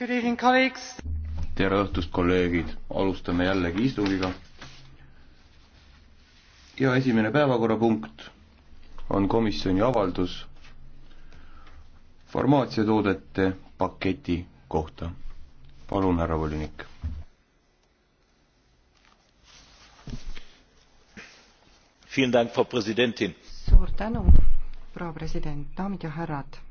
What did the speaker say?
tere õhtust, kolleegid, alustame jällegi istungiga. ja esimene päevakorrapunkt on komisjoni avaldus farmaatsiatoodete paketi kohta. palun, härra volinik. suur tänu, proua president, daamid ja härrad